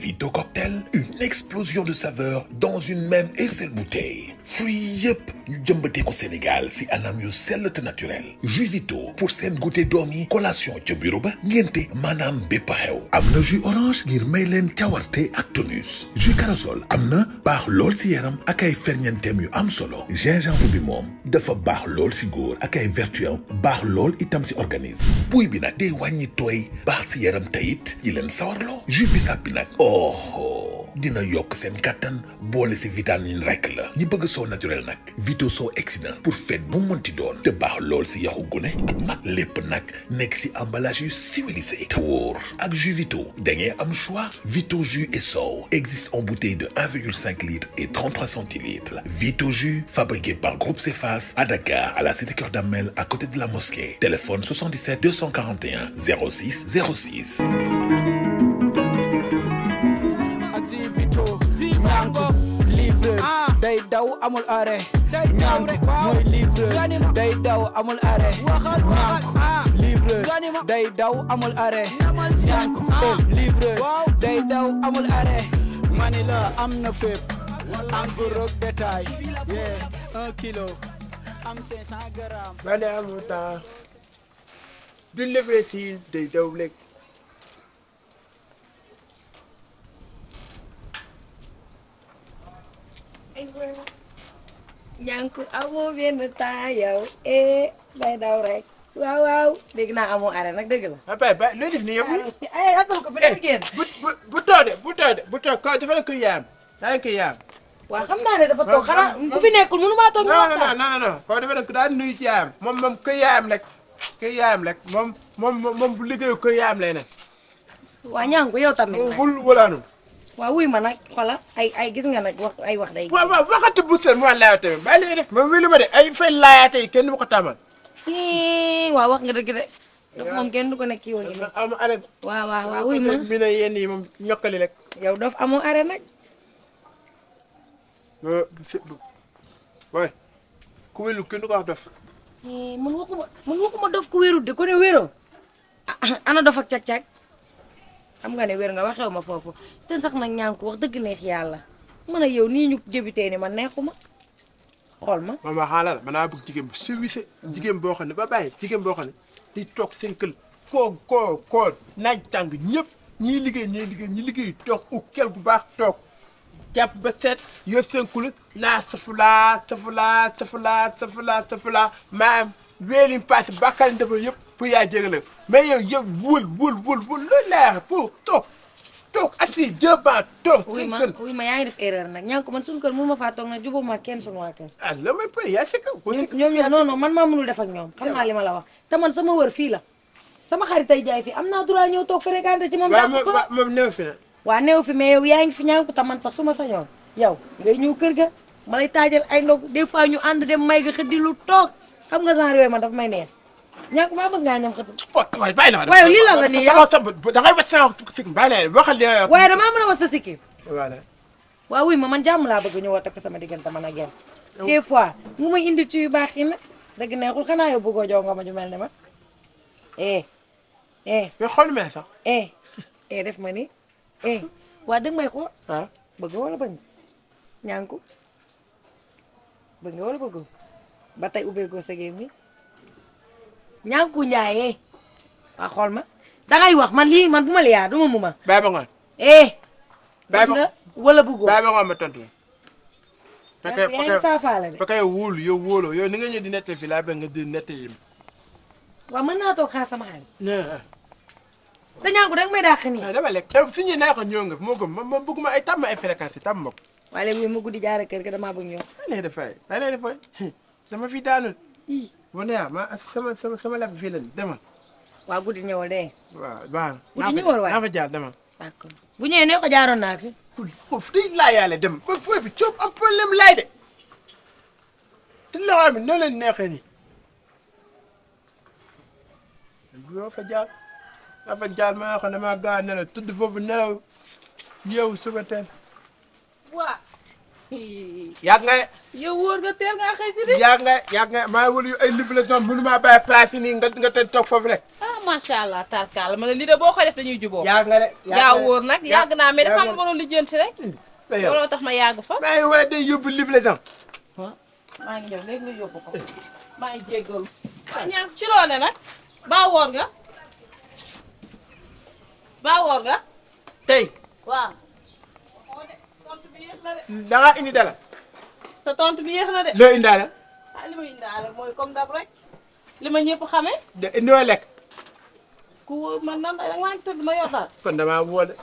Vito Cocktail, une explosion de saveurs dans une même et seule bouteille fruits Nous ñu sommes ko Sénégal si anam a sel celle naturel jus Vito pour s'en goûter dormi, collation au bureau ba ngénte manam jus orange ngir mailen tiawarte actonus. ak tonus jus carasol, lol bar, lol, lool si yaram ak ay am solo gingembre bi moom dafa bar, lool si góor ak ay itam si organisme buy bi day bar, toy, si yaram tayit jus Oh, oh dina yok s'en katan bolé ci vitamine rek la ñi bëgg so naturel nak Vito pour fête bu monti te baax lool si yaxu gune ak mag lépp nak emballage civilisé Tour. jus Vito da am choix et so existe en bouteille de 1,5 litre et 33 centilitres Vito fabriqué par Groupe Cefas à Dakar à la cité Cœur Damel à côté de la mosquée téléphone 77 241 06 06 daw amul arrêt ñànk mooy livreur day daw amul arrêt ñànk livreur day daw amul are, ñànk livreur day daw amul are, Manila la am na fépp am bu rog détail yeah un kilo am 500 grammes mani amul du livre si day daw lekk ñànku amoo benn temps yow eh day daw rek waaw waaw dégg naa amoo arrêt nag dëgg la. ah bay bay looy def nii yow. Ah, ay eh, atal ko ba def génn. Eh, bu bu bu too de bu too de bu too ko dafa la koy yaam daa koy yaam. waaw xam naa ne dafa toog xanaa bu fi nekkul mënu maa toog. ñu waxtaan non non non koo dafa nekk daal nuyu ci yaayam. moom moom koy yaayam rek koy yaayam rek moom moom moom bu liggéeyoo koy yaayam lay ne. waa ñànku yow tamit. wul walaanu. waaw wuy ma nag xoolal ay ay gis nga nag wax ay wax day. waaw waaw waxati bu seen ma laayaate bi bàyyi la def ma wélu ma de ay fay laayaate yi kenn du ko taamal. waaw wax nga dëgg de. waaw moom kenn du ko nekk yow. am arrêt. waaw waaw waaw moom ñokkali rek. yow doof amoo arrêt nag. Euh, waay ku wélu kenn du ko wax dof. man waxuma dof ku wéerut de ko ne a ah, ah, ana dof ak cag-cag. am nga ne wér nga waxew ma foofu te sax na ñaa ngi wax dëgg neex yàlla man a yow nii ñu débuté ni ma neexu ma xool ma. man ma xaaral man daa bëgg jigéen bu service. jigéen boo xam ne ba bàyyi jigéen boo xam ne di toog seen kër koo koo koo naaj tàng ñëpp ñiy liggéey ñiy liggéey ñi liggéey toog u kel bu baax toog jàpp ba seet yor seen kër naa safulaa safulaa safulaa safulaa safulaa maanaam weeli paase bàkkaar yëpp. pour yaa jégale mais yow yow wul wul wul wul lu leer pour toog toog assis devant toog. oui ma oui ma yaa ngi def erreur nag ñaan ko man suñu kër mu ma faa toog nag jubóo ma kenn suñu waa kër. ah la may pare yaa si kaw. ñoom ñoom non non man def ak ñoom xam naa li ma la wax te man sama wër fii la sama xaritay jaay fii am naa droit ñëw toog fréquenté ci moom. dàq ko waaw moom moom waa néew fi mais yow yaa ngi fi ñaan ko te man sax su ma sañoon yow ngay ñëw kër ga ma lay taajal ay ndog des fois ñu ànd dem may nga di lu toog xam nga genre yooyu man daf may neen ñàkk maa bëgg ngaa ñam xëpp. waaye bàyyi naa la waaye lii la la nii yow da ngay wat sa sikkim bàyyi naa la waxal li waaye damaa mën a wat sa sikkim. voilà. waaw wuy ma man jàmm laa bëgg ñëwaat ak sama diggante man ak yéen. des fois mu ma indi ci yu baax yi nag dëgg neexul xanaa yow bëggoo jox nga ma ju mel ne ma. eh eh. mais xool mee sax. eh eh def ma ni eh waa dëgg may ko. ah bëgg wala bañ ñànku bëgg nga wala bëggoo ba tey ubbeekoo sa géem mi. ñanku njaaye waa xool ma dangay wax man lii man bu ma la duma muma bay ba ngoon eh bay ba wala bu góor bay ba ngoon ma tontu fekkee fekkee saafaale wul fekkee yow wóolu ni nga ñëw di nette fii laa bëgg nga di nette yi waaw mën naa toog xaar sama xaalis dañaa ko danga may dàq nii dama lekk te fi ñu naa ko ñëw nga fi moo gëm ma ma ay tàmm ay fréquence yi tàmm ma ko waaye léegi jaara kër ga damaa bëgg ñëw da lay da lay def sama fi daanul Wanda ma sama sama sama lab fii lañ demal. waaw guddi ñëwal de. waaw baax na. guddi ñëwal waay naa fa jaar demal. d'accord bu ñëwee ne ko jaaroon naa fi. guddi foofu day laayaale dem ba foofu bi coob am problème laay de. te loxo bi noonu leen neexee nii. yoo fa jaar naa fa jaar ma nga xam ne maa gaa nelaw tudd foofu nelaw yow suba teel. waaw. yàgg nga. yow wóor nga teel nga xëy si di. yàgg nga yàgg nga maa ngi wëlu ay livilations mënumaa bàyyi place yi nii nga nga te toog foofu rek. ah macha allah tarkaal ma ne lii de boo ko def dañuy jubóo. yàgg nga de yaa wóor nag yàgg naa mais dafa am lu ma doon lijjanti rek. Mm, looloo tax ma yàgg fa. maa ngi wala day yóbbu livilations. maa ngi ñëw léegi nga yóbbu ko. maa ngi jéggalu. ñaa ci loone nag. baa woor nga. baa woor nga. tey. da indi dara. sa tontu bi yéex na de. loo indaale. ah li ma indaale mooy comme dab rek li ma ñëpp xamee. de indi woo lekk. ku wóor man nan la maa ma yor daal. kon damaa wóor de.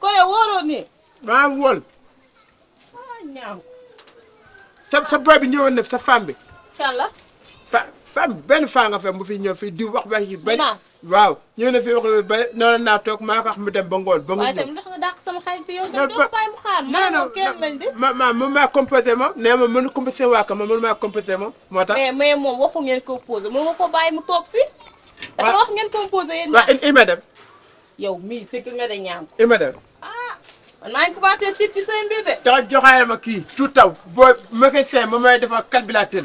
kon nii. maa wóor. ah ñaaw. sa sa boy bi ñëwoon sa femme bi. kan fa benn faa nga fem bu fi ñëw fii di wax wax yi bañ waaw ñëw na fi wax ba noonu naa toog maa ko wax dem ba ngoon ba mu ñëw tamit ndax nga dàq sama ma bi yow tamit doo bàyyi mu ma ma ma maa compété moom nee ma mënu compété ma mënu maa moom moo tax mais mais moom waxu ngeen ko posé mënu ma ko bàyyi mu toog fii dafa wax ngeen ko posé yéen waaw il yow mi sëgg nga de ñaan ko il a dem ah man maa ngi commencé tiit ci seen biir de tax joxaale ma kii tout taw boo mécanicien ma may dafa calculateur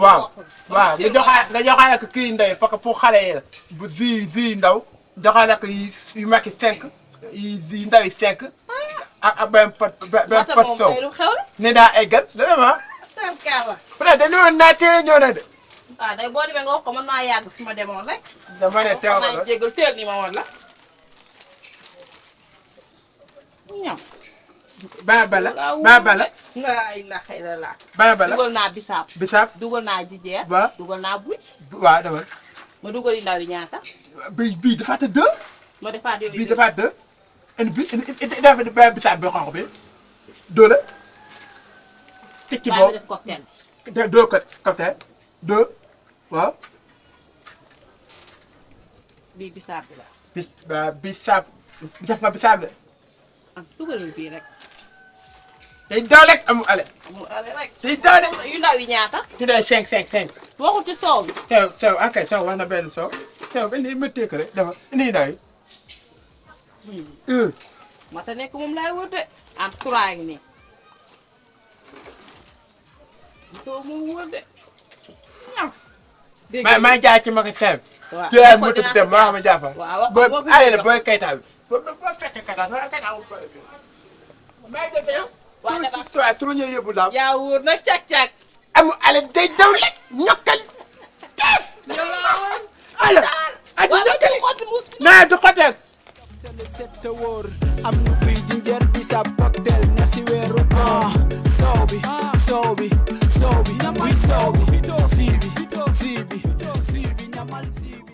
waaw waaw nga joxa nga joxaale ko kii ndaw yi parce que pour xale yi la bu zi zi ndaw joxaale ko yi yu yi cinq yi zi ndaw yi cinq ah. ak ak benn pot benn pot soow ne daa ay gan dana ma peut-être dañu woon naa teel de ah, ma demoon ma baabala baabala la ilaha illallah baabala dugal naa bisaab bisaab dugal naa jijeer waaw dugal naa buj waaw dama ma dugal yi ndaw yi ñaata bi bii defaat deux ma defaat yooyu bii defaat deux en bi dafa ba bisaab bi xonq bi doo la tekki boo def cocktail bi doo ko cocktail doo waaw bii bisaab bi la bis bisaab bisaab ma bisaab la am ah, dugalul bii rek đi đâu đấy đấy, đấy, đấy, em te daaw lekk amul ale. amul ale rek. te daaw de yu ndaw yi ñaata. yu ndaw yi cinq cinq cinq. waxul ci soow bi. soow soow ok soow wax na benn soow. soow ba nii ma tékk rek dafa nii ndaw yi. ma ta nekk moom laay wute am trois yi nii. soow moom wóor de. dégg nga maa jaay ci magasin bi. waaw jëlaat moto bi dem maa xam ne jaafa. waaw wax boobu booy kayitaal bi. boobu boo fekkee kayitaal bi kayitaal wu ko. maa ngi dégg yow. waa dama waaw su ma ñëwee yóbbu daal. yaa wóor na càq càq. amul ale day daw lekk ñokkal teef. yow laa woon. alors ak ñokkali naa du xoteel. sele set wóor am nu bi jinjeer bi sa cocktail neex si weeru koor soow bi soow bi soow bi buy soow bi sii bi sii bi sii bi ñamal sii bi